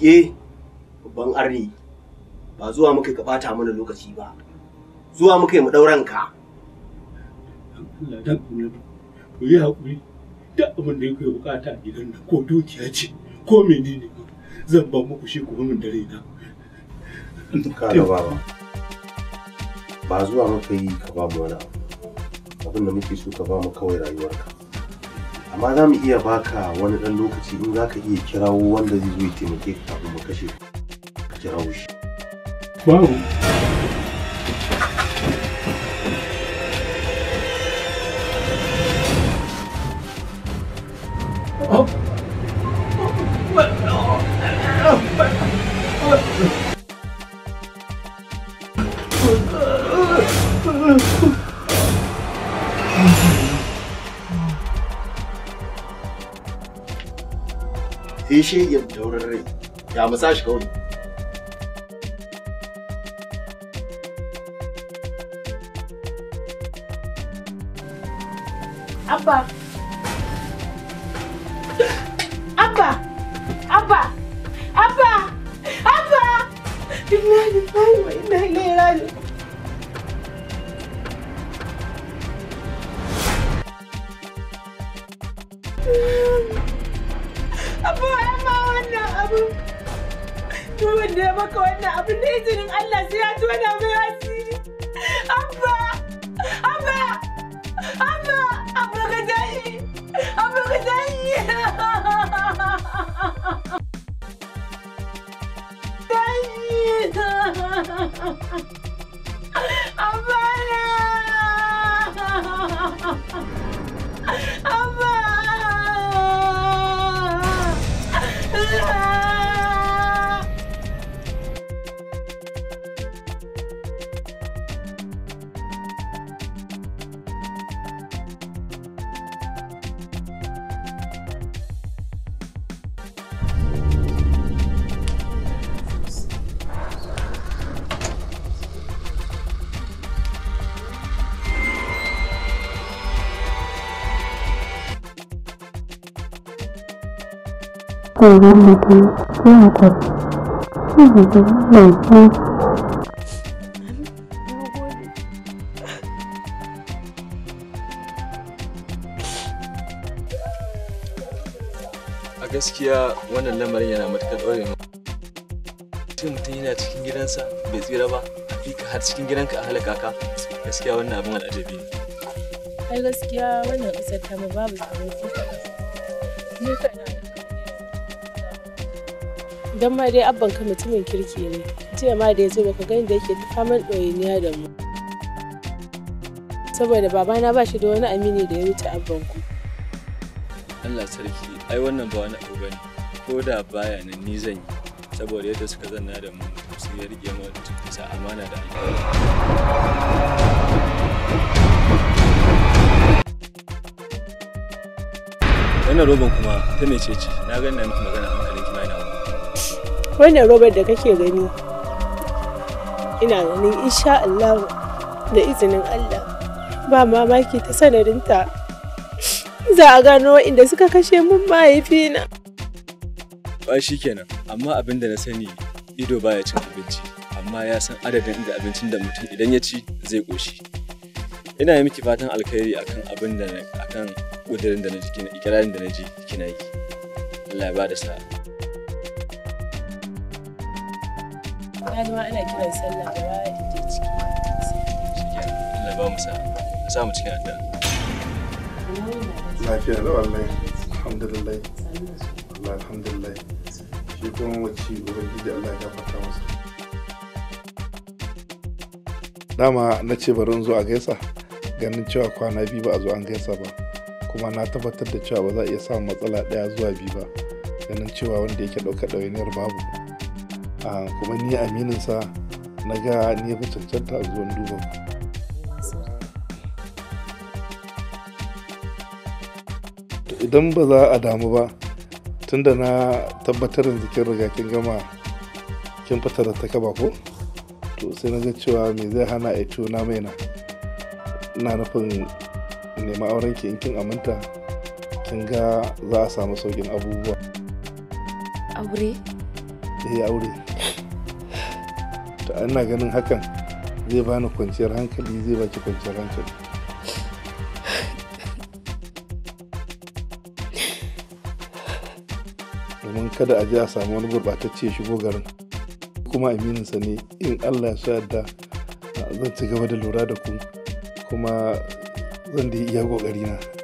ye babban arni ba zuwa muka ka bata mana lokaci ba zuwa muka mu ɗauran ka Allah dan annabi ku yi haƙuri da abin da yake bukata a gidan nan ko dukiya ce ko menene zan ba muku shi ku min dare na. kada baba ba zuwa muka yi ka ba mu wani abu abin da muke so ka ba mu kawai rayuwarka amma za mu iya baka wani ɗan lokaci in za ka iya kirawo wanda zai zo ya taimake ka kafin mu kashe ka kirawo shi babu fishe ya fita wurin rai ya musa shi kawai Abba, tsoron mutum ya haƙuri shi ne da mai a gaskiya wannan lamarin yana matuƙar ɗaure mu mutum mutum yana cikin gidansa bai tsira ba a har cikin gidanka a halaka ka gaskiya wannan abin al'ajabi ne ai gaskiya wannan ƙasar ta babu tsaro ni ka don ma dai abban ka mutumin kirki ne jiya ma da ya zo baka gani da yake faman ɗoyiniya da mu saboda babana ba shi da wani amini da ya wuce abban ku Allah sarki ai wannan ba wani abu bane ko da baya nan ni zan yi saboda yadda suka zanna da mu sun ya rike mu bisa amana da aiki wannan roban kuma ta mece ce na ganin na miki magana wannan robar da kake gani ina ganin insha Allah da izinin Allah ba mamaki ta sanarinta za a gano inda suka kashe mun mahaifina ba shi kenan amma abin da na sani ido ba ya cin abinci amma ya san adadin inda abincin da mutum idan ya ci zai ƙoshi ina yi miki fatan alkhairi akan abin da akan ƙudurin da na ji ikirarin da na ji kina yi Allah ya ba da sa'a ana kiran sallah cikin da wallahi dama na ce bari zo a gaisa ganin cewa kwana biyu ba a zo an gaisa ba kuma na tabbatar da cewa ba za a iya samun matsala daya zuwa biyu ba ganin cewa wanda yake ɗauka ɗawainiyar babu kuma ni amininsa na ga ni ya fi cancanta a zuwan duba idan ba za a damu ba tunda na tabbatar da jikin riga kin gama kin fitar da ta kaba ko to sai na ga cewa me zai hana a ciwo na maina ina nufin nema auren ki in kin aminta kin ga za a samu saukin abubuwa aure da ya aure ta ana ganin hakan zai bani kwanciyar hankali zai baki kwanciyar hankali domin kada a ji a samu wani gurɓatacce shigo garin kuma amininsa ne in allah ya so yadda zan ci gaba da lura da ku kuma zan da iya na.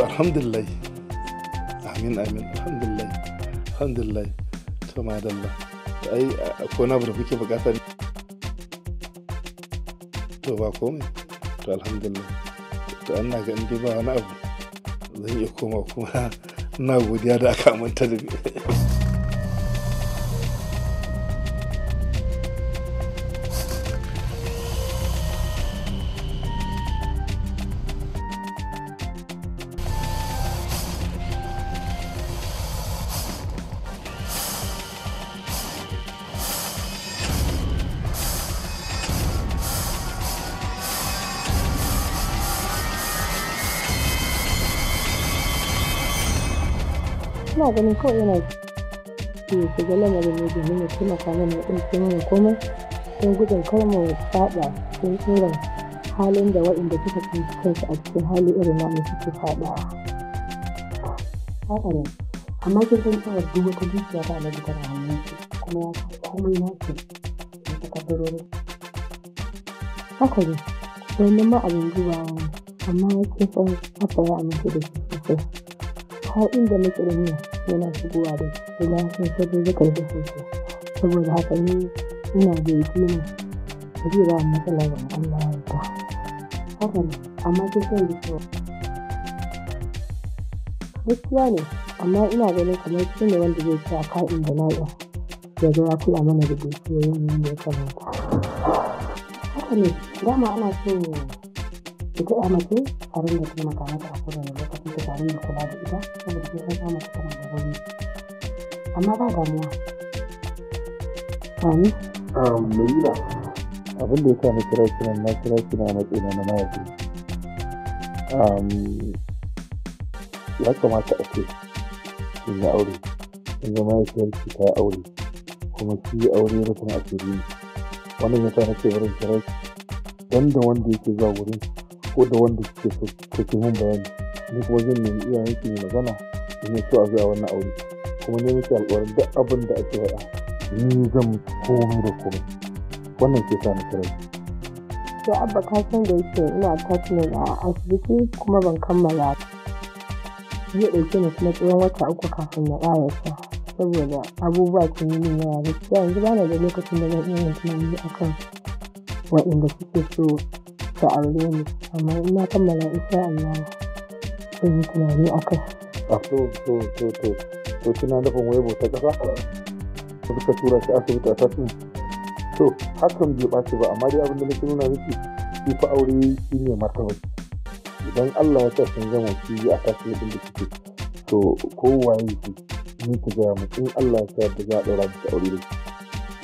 to alhamdulillah amin amin alhamdulillah alhamdulillah to madalla ai ko na da kuke bukata to ba komai to alhamdulillah to an ga in dai ba wani abu zan iya koma kuma na godiya da aka aminta da ina ganin kawai yana ke shiga lamarin ne domin ya taimaka mana ya ɗauke mana komai don gudun kar mu faɗa cikin irin halin da waɗanda suka tsinci kansu a cikin hali irin namu suke faɗa. Haka ne, amma kin san cewa duk wata dukiya ta alaji tana hannun shi kuma ya kai komai na shi da ta kadarori. Haka ne, domin ma abin wani amma ya kin san haka a amince da shi sosai. Har inda na ƙirmiya yana shigowa da kuma sun sabu da da sosai saboda haka ni ina da yakini ba zai ba matsala ba Allah ya yarda haka ne amma kin da cewa gaskiya ne amma ina ganin kamar shi ne wanda zai ci a ka'in da na'in ya kula mana da dukiyoyin da ya kamata haka ne dama ana son ita ya mace a rinda taimaka mata a kowane lokacin ta tare da kula da ita saboda ke san samun ta tana da rauni amma ba damuwa sami Marina abin da ya sa na kira kiran na kira kira na tsina na mayafi ya kamata a ce in yi aure in zama ya kiyar ki ta aure kuma ki yi aure rufin asiri ne wannan ya sa na ce wurin kira da wanda yake zuwa wurin ko da wanda suke so ko ki mun bayani ni kuma zan nemi iyayen ki magana in ya so a zuwa wannan aure kuma ne muke alƙawarin duk abin da ake faɗa ni zan komai da komai wannan ke sa ni kare to abba ka san da yake ina treatment a asibiti kuma ban kammala ba. ya ɗauke ni kuma tsawon wata uku kafin na sa saboda abubuwa sun yi min yawa gaskiya yanzu ba na da lokacin da zan iya yin tunani akan waɗanda suke so ta aure ni amma in na kammala insha Allah zan yi tunani a kai. a to to to to to kina nufin wai bauta kasa suka tura shi asibiti a tasin to hakan bai ɓaci ba amma dai abin da nake nuna miki shi fa aure shi ne martaba idan Allah ya sa sun gama shi a tafi din da kike to waye ki ni ki gaya mu in Allah ya sa da za a daura miki aure da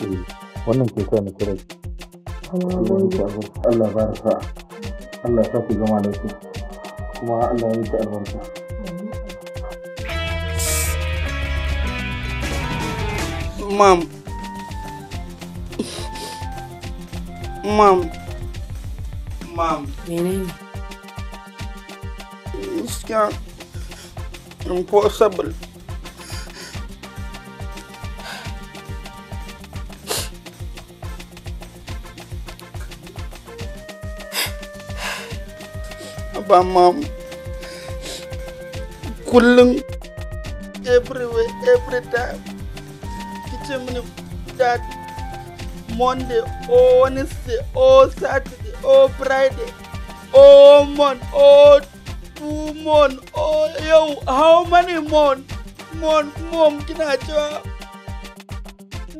eh, wannan ke sa na kira ki kuma Allah ba sa Allah ya zama lafiya kuma Allah ya albarka impossible. ba mom everywhere every time kice mini that monday oh wednesday oh saturday oh friday oh month oh, or two month oh, or yo how many month month mom kina cewa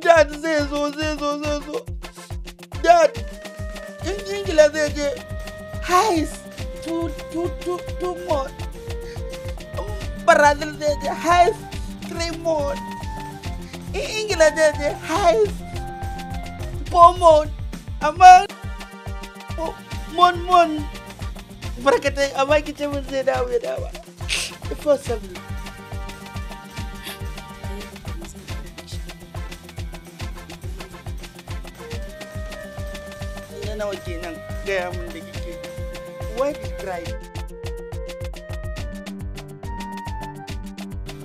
dad zai zo zai zo zai zo dad in ingila zai je heist too, too, too, too much. Brazil, they, they have three months. In England, they, they have four a Among one month. Barkatai, amma ki ce mun zai kenan gaya mun da why he cried.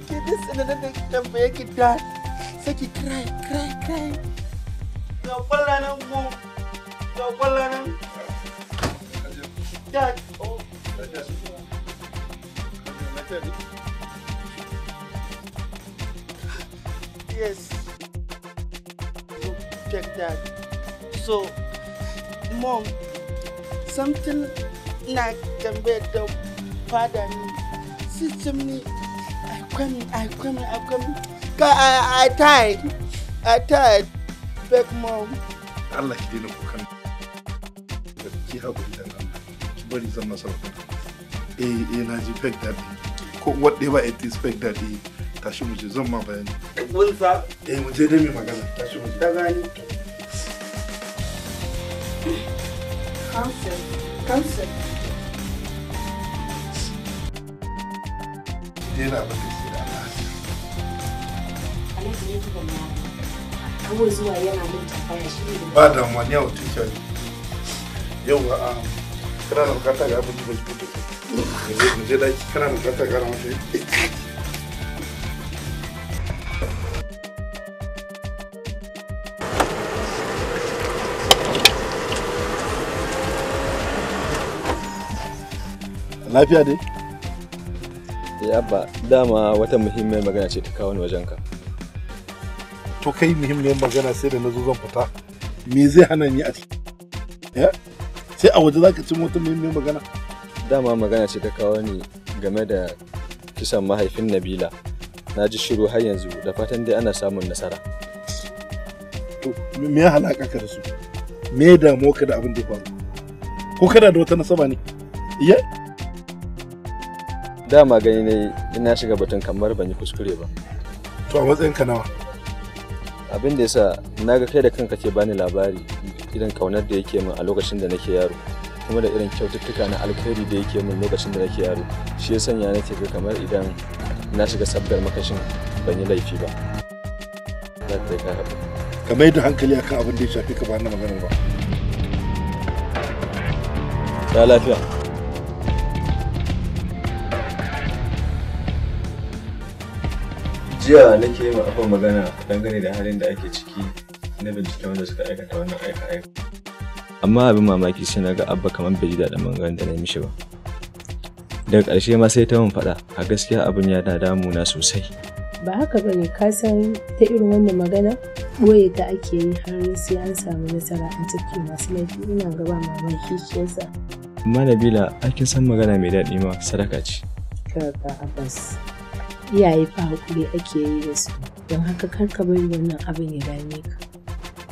Sai duk sanannan time tambaye ki cry, cry, cry. No kwalla nan No ga Dad, Yes. Check that. So, mom, something na tambayar da fada ni system ni i akwami akwami come ka a i tired a tired back mom Allah ki dina ku kan da ki haƙuri da nan ki bari zan masarauta eh eh na ji fake daddy ko whatever it is fake daddy tashi mu je zan ma bayani mun sa eh mu je dai mai magana tashi mu je ta gani Council, Council. daina abin da ke da alhaji alhaji ne da na a zuwa yana mun tambaya shi ne ba da a kana da kana lafiya dai alhaji abba dama wata muhimmiyar magana ce ta kawo ni ka. to kai muhimmiyar magana sai da na zo zan fita me zai hana ni a eh? sai a waje zaka ci wata muhimmiyar magana dama magana ce ta kawo ni game da kisan mahaifin nabila na ji shiru har yanzu da fatan dai ana samun nasara to me ya halaka ka da su me ya damu ka da abin da ya faru ko kana da wata nasaba ne yeah? dama gani ne ina shiga batun kamar ban yi kuskure ba to a matsayin ka nawa abin da yasa na ga kai da kanka ke bani labari irin kaunar da yake min a lokacin da nake yaro kuma da irin kyaututtuka na alkhairi da yake min lokacin da nake yaro shi ya sanya nake ga kamar idan na shiga sabgar makashin ban yi laifi ba ka mai da hankali akan abin da ya shafi ka ba na maganar ba ta lafiya jiya nake yi abin magana dangane da halin da ake ciki na binciken wanda suka aikata wannan aika-aika amma abin mamaki shi na ga abba kamar bai ji daɗin maganar da na mishi ba daga ƙarshe ma sai ta mun faɗa a gaskiya abin ya da na sosai ba haka ba ne ka san ta irin wannan magana ɓoye ta ake yi har sai an samu nasara a ciki masu laifi ina gaba mamaki shi yasa amma nabila akin san magana mai daɗi ma sadaka ce Kaka abbas iyaye fa hakuri ake yi da su don haka kar ka bari wannan abin ya dame ka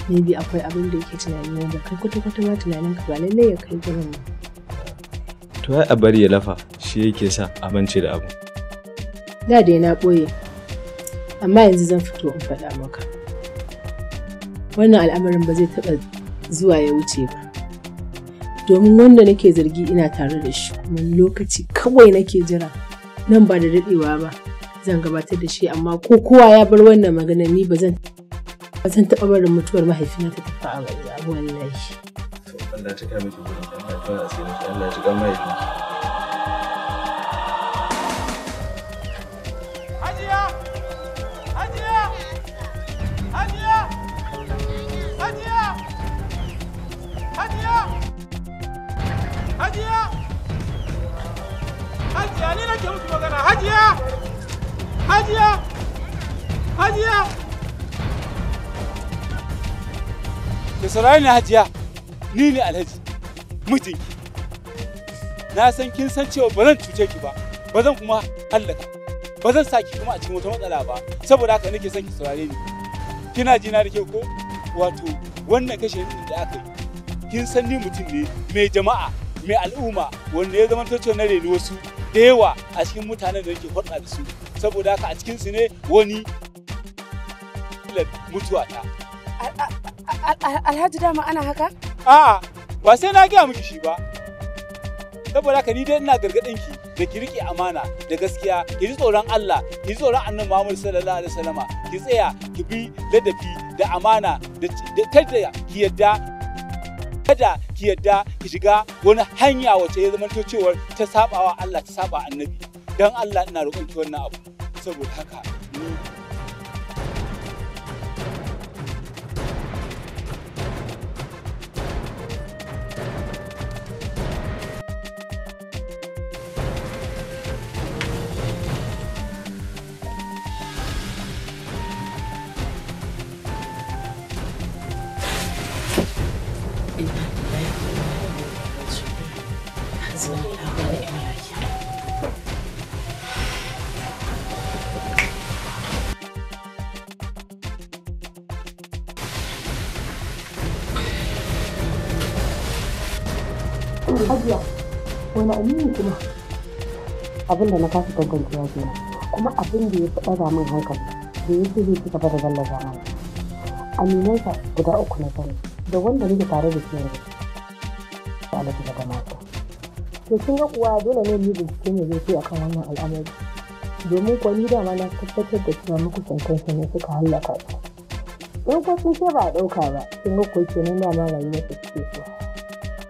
maybe akwai abin da yake tunani wanda kai kwata-kwata ma tunanin ka ba lallai ya kai gurin ba to ai a bari ya lafa shi yake sa a da abu da dai na ɓoye amma yanzu zan fito in faɗa maka wannan al'amarin ba zai taɓa zuwa ya wuce ba domin wanda nake zargi ina tare da shi kuma lokaci kawai nake jira nan ba da daɗewa ba zan gabatar da shi amma ko kowa ya bar wannan magana ni ba zan ba zan taɓa barin mutuwar mahaifina ta tafi a wallahi. Allah ya cika miki gurin Allah ya mahaifinki. saurari na hajiya ni ne alhaji mijinki na san kin san cewa ba zan cuce ki ba ba zan kuma hallaka ba zan saki kuma a cikin wata matsala ba saboda haka nake son ki saurare ni kina ji na rike ko wato wannan kashe ni da aka yi kin san ni mutum ne mai jama'a mai al'umma wanda ya zama tocin na reni wasu da yawa a cikin mutanen da nake hulɗa da su saboda haka a cikin su ne wani mutuwa ta Alhaji dama ana haka? A'a, ba sai na gaya miki shi ba. Saboda ka ni dai ina gargaɗin ki da ki riƙe amana da gaskiya, ki ji tsoron Allah, ki ji tsoron Annabi Muhammad sallallahu alaihi wasallam, ki tsaya, ki bi ladabi da amana da kada ki yadda kada ki yadda ki shiga wani hanya wacce ya zamanto cewar ta sabawa Allah ta saba annabi dan Allah ina roƙon ki wannan abu saboda haka ni zama aminu kuma abinda na kasa tantancewa ke kuma abin da ya fi ɗaga min hankali da ya fi zai ci gaba da gallaza mana aminansa guda uku na sani da wanda nake tare da shi yanzu da alaji daga mata to kin ga kuwa dole ne mu bincike ne zai akan wannan al'amari domin kuwa ni dama na tabbatar da cewa makusantansa ne suka hallaka su in ko sun ce ba a ɗauka ba kin ga kuwa kenan dama rayuwar su suke so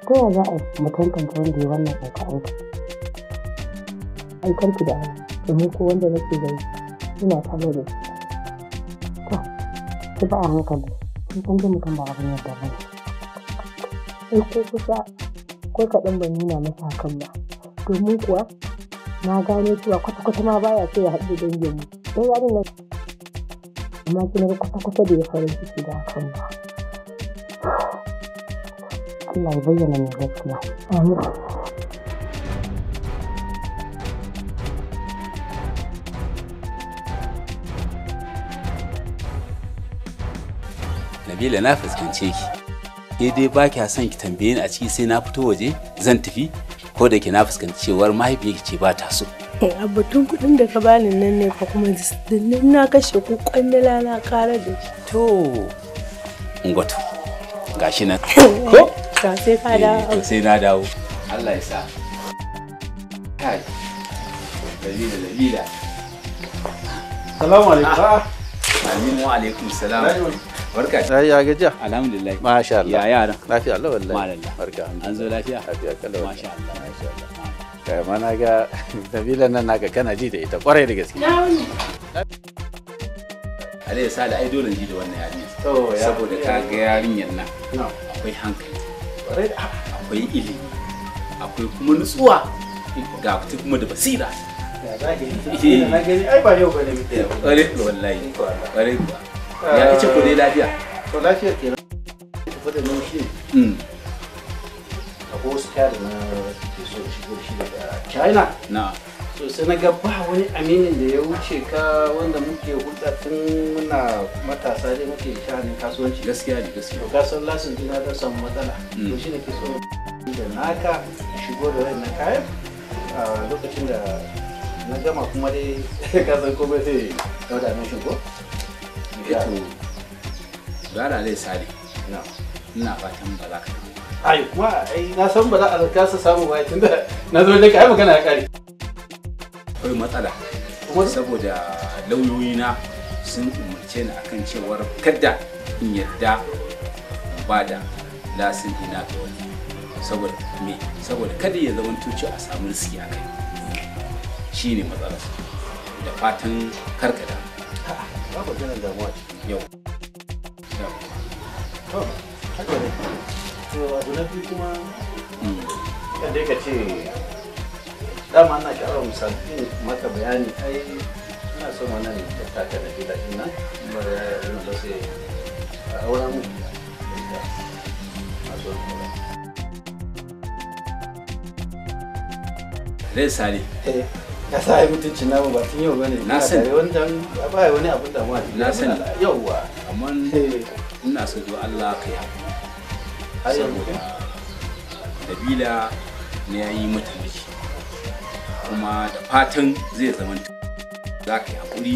ta yaya za a mu tantance wanda ya wannan aika aikar ki da domin ko wanda nake gani ina tare da shi to ki ba a hankali kin san dai mutum ba abin yadda ba sai ko kusa ko kaɗan ban nuna masa hakan ba domin kuwa na gano cewa kwata-kwata ma baya sai ya haɗu dangin mu don yarin nan amma kuma kwata-kwata da ya faru ciki da hakan ba Allah ya bayyana mai gaskiya. Amin. Nabila na fuskance ki. Ke dai ba kya son ki tambaye ni a ciki sai na fito waje zan tafi ko da ke na fuskanci cewar mahaifiyarki ce ba ta so. Kai eh, abatun kuɗin da ka bani nan ne fa kuma dinnan na kashe ko kwamila na kara da shi. To, Ngoto, gashi nan. Ko? to sai ka eh, dawo to sai na dawo Allah ya sa kai dalila dalila salamu alaikum ah, amin wa alaikum salam barka ta ya gajiya alhamdulillah masha Allah ya yaran lafiya Allah wallahi barka an zo lafiya lafiya kallon masha Allah masha Allah kai ma na ga dalila nan naga kana ji da ita kwarai da gaske na wuni Ali ya sa da ai dole ji da wannan yarinya saboda ka ga yarinyar nan akwai hankali kwarai da akwai ilimi akwai kuma nutsuwa ga kuma da basira ai ba yau ba ne ya ce ko dai lafiya to lafiya ke tafi da nushi hmm. wasu kyarin na ke so shi daga china na to sai na ga ba wani aminin da ya wuce ka wanda muke hulɗa tun muna matasa dai muke shahanin kasuwanci gaskiya ne gaskiya to san lasin jina ta samu matsala mm. to shi ne ke so da naka shigo da rai na kayan a lokacin da na gama kuma dai ka kasan komai zai dauda nan shigo eh to gara zai sare ina fatan ba za ka ai kuwa ai na san ba za a kasa samu ba tunda na zo da kai magana ya kare akwai matsala saboda lauyoyi na sun umarce ni akan cewar kada in yadda ba da lasin ina ga wani saboda me saboda kada ya zama tuci a samu riski a kai shi ne da fatan karkada damuwa yau to haka biyu kuma hmm. ka ce dama ana kyara musafin maka bayani ai ina son wannan da taka na gida ina ba da yana da sai a wani mu masu Rai sare. Ka eh, sa mutunci na ba tun yau bane. Na sani. Wannan ba wani abin da Na sani. Yawwa. Amma eh. ina so do Allah ka yi. Saboda Nabila ne ya yi mata miki. kuma da fatan zai zama za ka yi haƙuri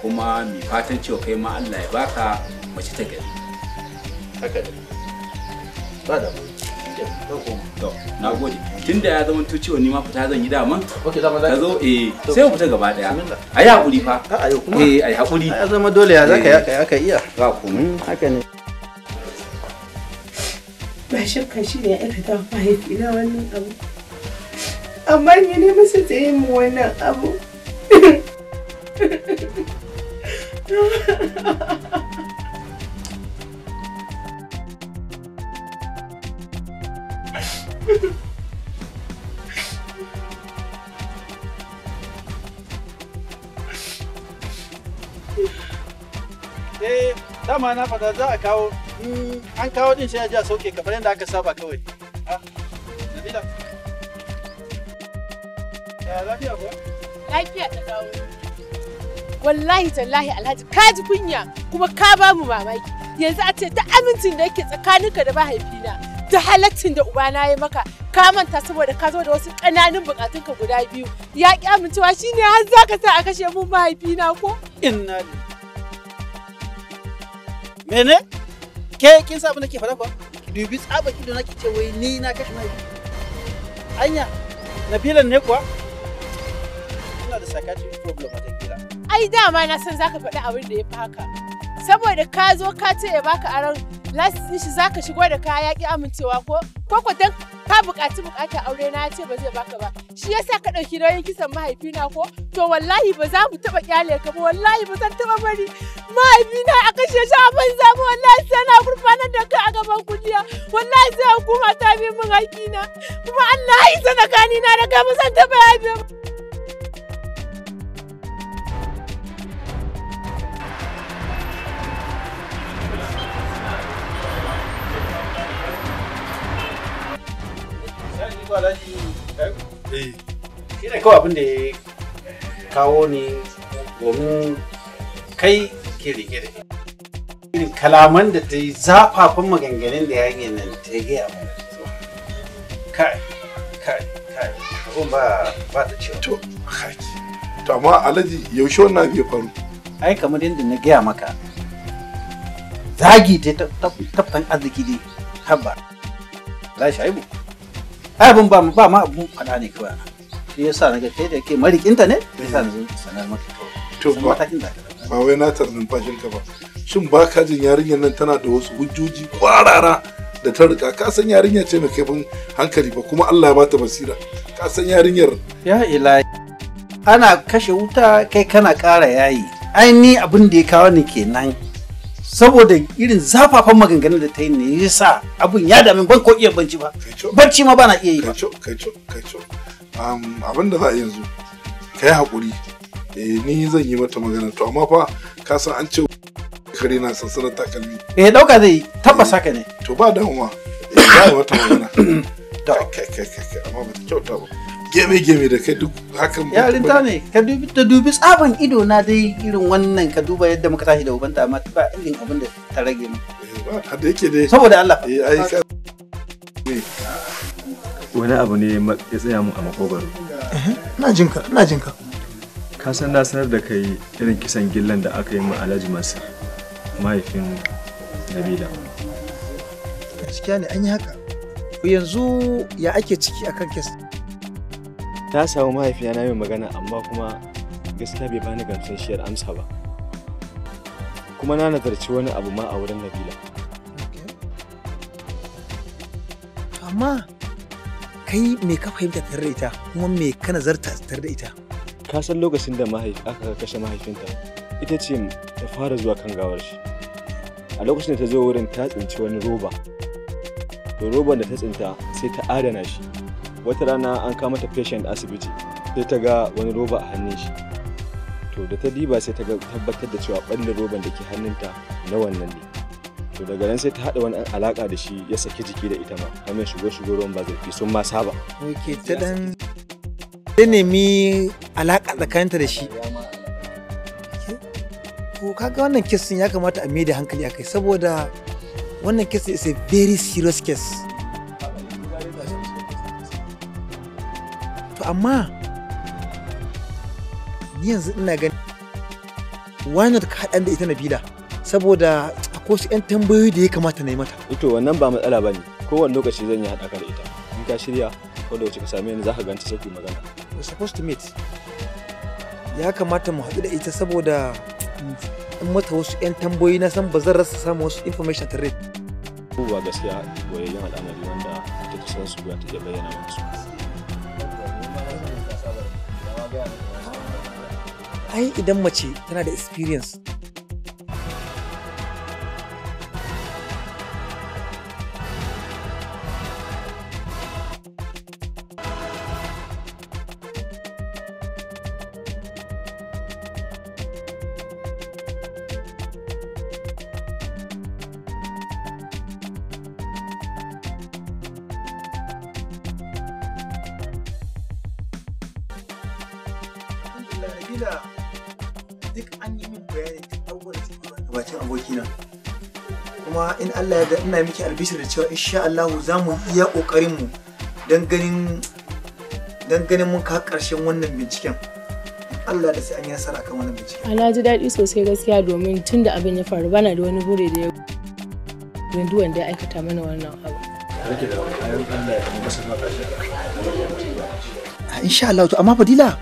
kuma mai fatan cewa kai ma Allah ya baka mace ta gari haka da ba da to na gode tunda ya zama to cewa ni ma fita zan yi daman ka zo eh sai mu fita gaba daya a yi haƙuri fa eh a yi haƙuri ya zama dole ya zaka eh. ka iya ba komai mm, haka ne ba shakka shi ne ya fita mahaifina wannan abu amma me ne masa ta yi mu wannan abu Eh, dama na fata za a kawo, an kawo din sai a ji a sauke kamar yadda aka saba kawai. Wallahi tallahi Alhaji ka ji kunya kuma ka ba mu mamaki. Yanzu a ce ta amincin da yake tsakaninka da mahaifina ta halaccin da ubana ya maka ka manta saboda ka zo da wasu ƙananun bukatunka guda biyu ya ƙi amincewa shi ne har za ka sa a kashe mu mahaifina ko? Inna ne. Mene? Ke kin sa abin da ke faɗa ba? Dubi tsabar ido ke ce wai ni na kashe mahaifi. Anya, Nabilan ne kuwa? da psychiatric problem gida. Ai dama na san zaka faɗi abin da ya fi haka. Saboda ka zo ka ce ya baka aron lasisin shi zaka shigo da kaya ki amincewa ko ko ko dan ka buƙaci buƙata aure na ce ba zai baka ba. Shi yasa ka ɗauki nauyin kisan mahaifina ko to wallahi ba za mu taɓa kyale ka ba wallahi ba zan taɓa bari mahaifina a kashe shi a banza wallahi sai na gurfanar da ka a gaban kuliya wallahi sai hukuma ta bi min hakina kuma Allah ya yi na ni na da kai ba zan taɓa ba. su alhaji eh, eh. kawai abin da ya kawo ne domin kai ke rike da irin kalaman da ta yi zafafan maganganun da yayin nan ta gaya mana kai kai kai abin ba ba da cewa to haki to amma alhaji yaushe wannan ya faru ai kamar yadda na gaya maka zagi ta taftan arziki dai haba za shi aibu abin ba ba ma abun faɗa ne kawai shi yasa na kai da ke marikinta ne yasa na zo sanar maka to ba ba wai na tar numfashin ka ba shin ba ka jin yarinyar nan tana da wasu hujjoji kwarara da ta rika ka san yarinyar ce mai kaifin hankali ba kuma Allah ya bata basira ka san yarinyar ya ilahi ana kashe wuta kai kana ƙara yayi ai ni abin da ya kawo ni kenan saboda irin zafafan maganganun da ta yi ne ya sa abin ya damin ban ko iya banci ba barci ma bana iya yi ba abin da za a yanzu ka yi haƙuri eh, ni zan yi mata magana to amma fa ka san an ce kare na sansanin takalmi eh dauka zai tabbas eh, haka ne to ba damuwa eh, za a yi mata magana amma ba ta kyauta ba geme-geme da kai duk hakan yarinta ne ka dubi da dubi tsaban ido na dai irin wannan ka duba yadda muka tashi da ubanta amma ba irin abin da ta rage mu eh, da yake dai saboda Allah eh, wani abu ne ya tsaya mu a makogaro eh, ina jin ka ina jin ka ka san na sanar da kai irin kisan gillan da aka yi mu Alhaji Masir mahaifin Nabila gaskiya ne an yi haka yanzu ya ake ciki akan kes ta samu mahaifiya na mai magana amma kuma gaskiya bai bani gamsasshiyar amsa ba kuma na nazarci wani abu ma a wurin nabila amma kai me ka fahimta tare da ita kuma me ka nazarta tare da ita ka san lokacin da aka kashe mahaifinta ita ce ta fara zuwa kan gawar shi a lokacin da ta zo wurin ta tsinci wani roba to roban da ta tsinta sai ta adana shi wata rana an kama ta patient asibiti sai ta ga wani roba a hannun shi to da ta diba sai ta tabbatar da cewa ɓallin roban da ke hannunta na wannan ne to daga nan sai ta haɗa wani alaƙa da shi ya saki jiki da ita ma har mai shigo shigo ruwan ba sun ma saba ok ta dan ta nemi alaƙa tsakaninta da shi to kaga wannan kesin ya kamata a mai da hankali akai saboda wannan kesin is a very serious case to amma yanzu ina gani wani ka haɗan da ita nabila saboda akwai su 'yan tambayoyi da ya kamata na yi mata ito wannan ba matsala ba ne kowane lokaci zan yi haɗaka da ita in ka shirya wanda wacce ka same ni za ka ganta sai ku magana we supposed to meet ya kamata mu haɗu da ita saboda in mata wasu 'yan tambayoyi na san ba zan rasa samun wasu information ta rai. ba gaskiya goyayyen al'amari wanda ta kusan su ta iya bayyana musu. ai idan mace tana da experience miki albishir da cewa insha Allah za mu iya kokarin mu dan ganin dan ganin mun ka karshen wannan binciken Allah da sai an yi nasara kan wannan binciken Allah ji daɗi sosai gaskiya domin tunda abin ya faru bana da wani bure da ya duk wanda ya aikata mana wannan abu insha Allah to amma Fadila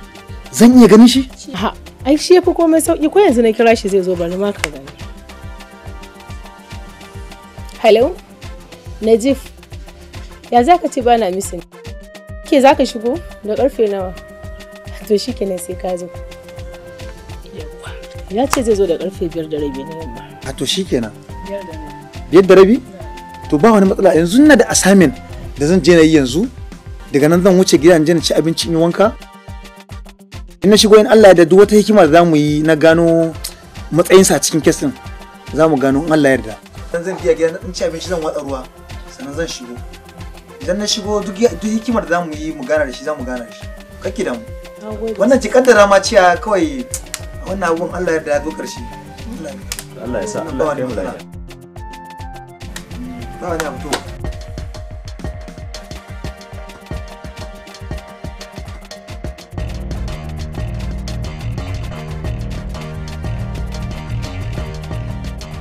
zan iya ganin shi? Ha, ai shi ya fi komai sauki ko yanzu na kira shi zai zo bari ma ka gani. Hello? Najif, ya za ka ce ba na misin? Ke za ka shigo da karfe nawa? To shi kenan sai ka zo. Ya ce zai zo da karfe biyar da rabi ne. yamma. A to shi kenan? Biyar da rabi? To ba wani matsala yanzu na da assignment da zan je na yi yanzu daga nan zan wuce gidan je na ci abinci in yi wanka. In na shigo in Allah ya da duk wata hikima da za mu yi na gano matsayinsa a cikin kes za mu gano in Allah yarda. dan zan fiya gida in ci abinci zan watsa ruwa sannan zan shigo idan na shigo duk hikimar da mu yi mu gana da shi za mu gana da shi kake da mu wannan ci kaddara ma ciya kawai wannan abun Allah ya da ya zo karshe Allah ya sa Allah ya mu lafiya ba wani abu to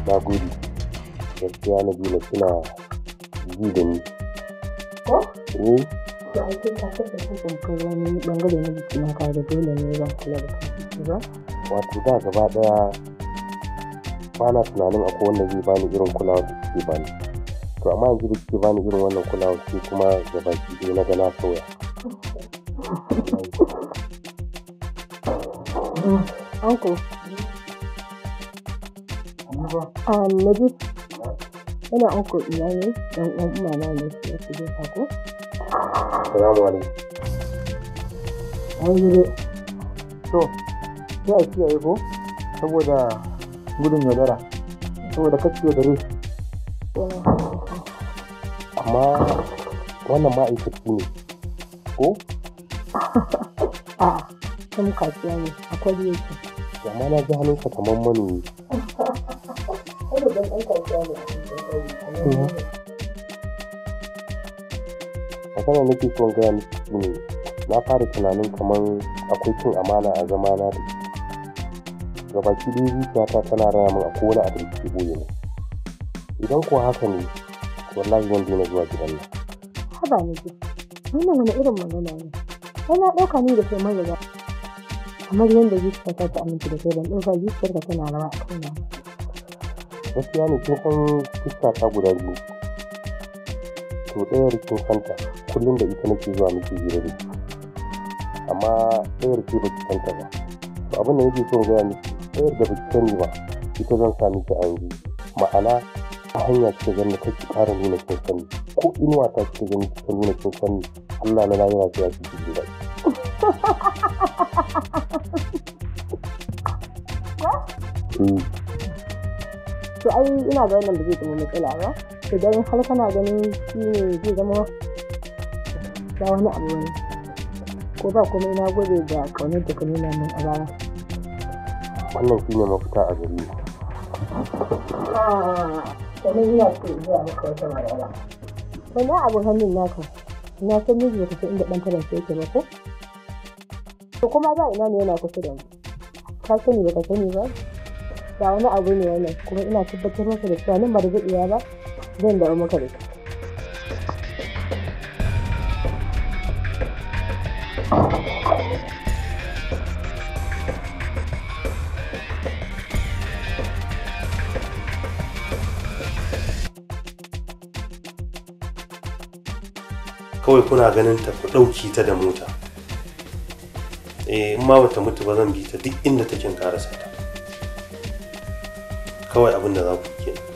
Na gode. gaskiya na biyu kina ji da ni ko eh to ai kin ka tafi tsantsar wani bangare na jiki na ka da dole ne zan kula da kai ba wato da gaba daya ba na tunanin akwai wanda zai bani irin kulawar da kike bani to amma yanzu da kike bani irin wannan kulawar sai kuma baki ki na gana sauya Uncle. Um, Najib, Yana anko ina ne dan uwan umana ne ya fi da sako. Salamu alaikum. An zure. To, sai a kiyaye ko saboda gudun yaudara, saboda kacce yaudare. Amma wannan ma'aikaci ne, ko? A'a, ah, sun kasuwa ne, akwai yake. Yamma na ji hannunka kamar manomi. kawai don ɗan magana nake son gaya miki shi ne na fara tunanin kamar akwai cin amana a zama na da gabaki dai zuciyata tana raya min akwai wani abin da ke boye ne idan kuwa haka ne wallahi zan daina zuwa gidan nan haba ne ke wannan wani irin magana ne na ɗauka ni da kai mazaga kamar yadda zuciyata ta aminci da kai ban ɗauka zuciyarka tana rawa a na. gaskiya ne kin san fuska ta guda biyu to ɗayar kin santa kullum da ita nake zuwa miki hira da amma ɗayar ce baki santa ba to abin da nake son gaya miki ɗayar da baki sani ba ita zan sa miki a yanzu ma'ana a hanya kika gani kake ƙara nuna kin sani ko inuwa ta kika gani kika nuna kin sani Allah na lahira ta yaki ki gida Mm. Eh. to ai ina ga wannan da zai zama matsala ba dan har kana ganin shi ne zai zama ba wani abu ne ko ba kuma ina gode da kaunar da kuma nuna min a baya wannan shi ne mafita a gari sannan ah, ina so zuwa maka wata magana wani abu hannun naka na san miji ba kusa inda ɗan talanta yake ba ko to kuma ba ina ne yana kusa da mu ka sani ba ka sani ba ba wani abu ne wannan kuma ina tabbatar maka da cewa nan ba da ba zan dawo maka da shi. kawai kuna ganin ta ku ɗauki ta da mota eh in ma bata mutu ba zan bi ta duk inda take karasa ta kawai abin da za ku kenan